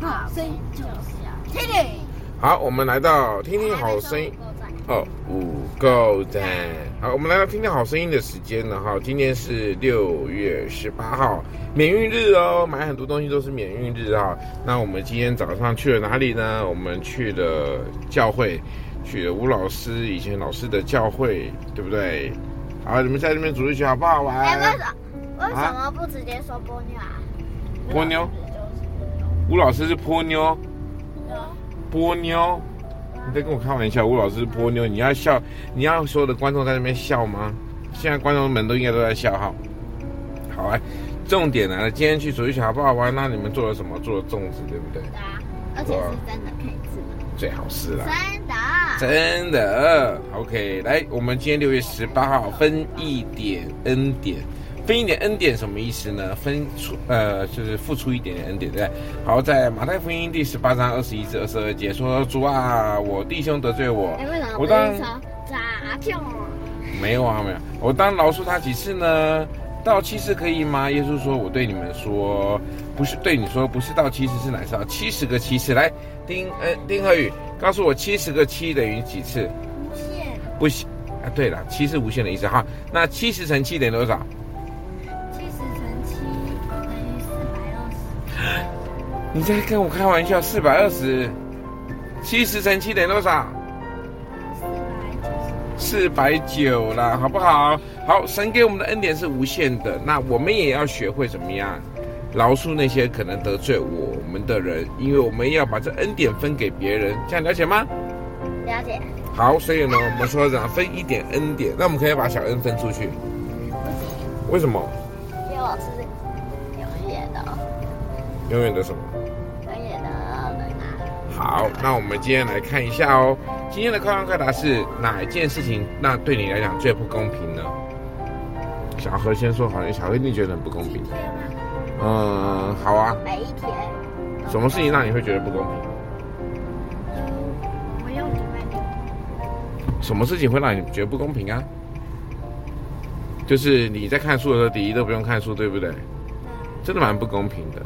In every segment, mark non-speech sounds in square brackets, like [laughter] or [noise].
好聲音就是要、啊，聽聽。好，我們來到聽聽好聲音哦，五個讚。好，我們來到聽聽好聲音的時間了哈。今天是六月十八號，免運日哦，買很多東西都是免運日啊。那我們今天早上去了哪裡呢？我們去了教會，去了吳老師以前老師的教會，對不對？好，你們在這邊組織學好不好玩？欸、為什麼？為什麼不直接說蝸牛啊？蝸牛。吳老師是波妞，波妞，你在跟我開玩笑？吳老師是波妞，你要笑？你要所有的觀眾在那邊笑嗎？現在觀眾們都應該都在笑哈。好啊，重點來、啊、了，今天去煮一煮好不好玩？那你們做了什麼？做了粽子，對不對？對啊、而且是真的可以吃的，最好是啦。真的，真的。OK，來，我們今天六月十八號分一點恩典。分一點恩典什麼意思呢？分出呃，就是付出一點點恩典，對。好，在馬太福音第十八章二十一至二十二節說，說：“主啊，我弟兄得罪我，我當砸掉沒有啊，沒有、啊。我當饒恕他幾次呢？到七十可以嗎？”耶穌說：“我對你們說，不是對你說，不是到七十是哪次、啊？七十個七十來。丁”丁、呃、哎，丁和宇，告訴我七十個七等於幾次？無限。不行啊，對了，七是無限的意思哈。那七十乘七等於多少？你在跟我開玩笑？四百二十，七十乘七等於多少？四百九。四百九啦，好不好？好，神給我們的恩典是無限的，那我們也要學會怎麼樣饒恕那些可能得罪我們的人，因為我們要把這恩典分給別人，這樣了解嗎？了解。好，所以呢，我們說讓分一點恩典，那我們可以把小恩分出去。不是。為什麼？因為我是永遠的。永遠的什麼？好，那我們今天來看一下哦。今天的快問快答是哪一件事情？那對你來講最不公平呢？小何先說好，好像小何一定覺得很不公平。嗯，好啊。每一天。什麼事情讓你會覺得不公平？我用平板。什麼事情會讓你覺得不公平啊？就是你在看書的時候，弟弟都不用看書，對不對？真的蠻不公平的。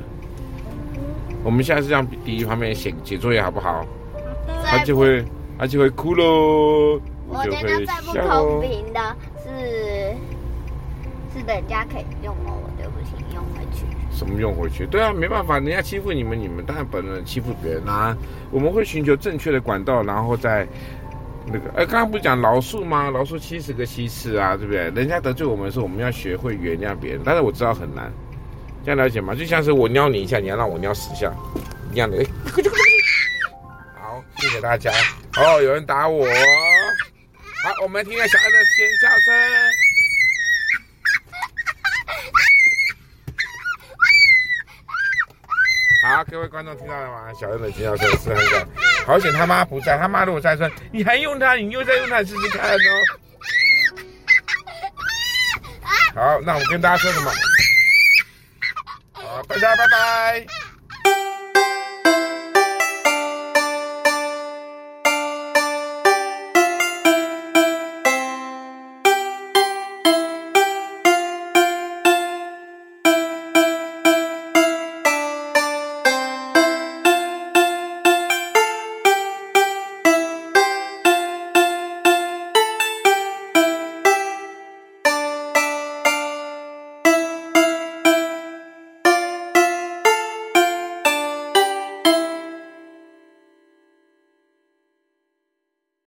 我們現在是讓弟弟旁邊寫寫作業，好不好？不他就會他就會哭嘍，就會我覺得最不公平的是，是人家可以用哦，我就不行，用回去。什麼用回去？對啊，沒辦法，人家欺負你們，你們當然不能欺負別人啊。我們會尋求正確的管道，然後再那個，哎、欸，剛剛不是講饒恕嗎？饒恕七十個七次啊，對不對？人家得罪我們的時候，我們要學會原諒別人，但是我知道很難。這樣了解嗎？就像是我尿你一下，你要讓我尿十下，一樣的。哎、 [laughs] 好，謝謝大家。哦，有人打我。好，我們來聽一下小恩的尖叫聲。好，各位觀眾聽到了嗎？小恩的尖叫聲是很高。好險他媽不在，他媽如果在說，你還用他？你又在用他試試看哦。好，那我跟大家說什麼？大家拜拜。